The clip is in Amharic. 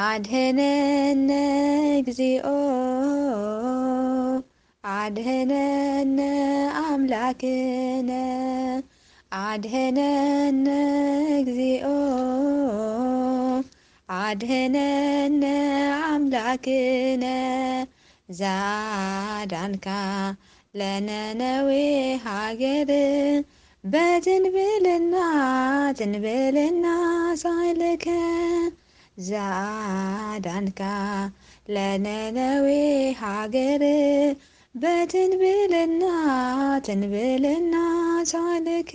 አድህነነ እግዚኦ አድህነነ አምላክነ አድህነነ እግዚኦ አድህነነ አምላክነ ዛዳንካ ለነነዌ ሀገር በትንብልና ትንብልና ሳይልከ ዛዳንካ ለነነዌ ሀገር በትንብልና ትንብልና ሳልክ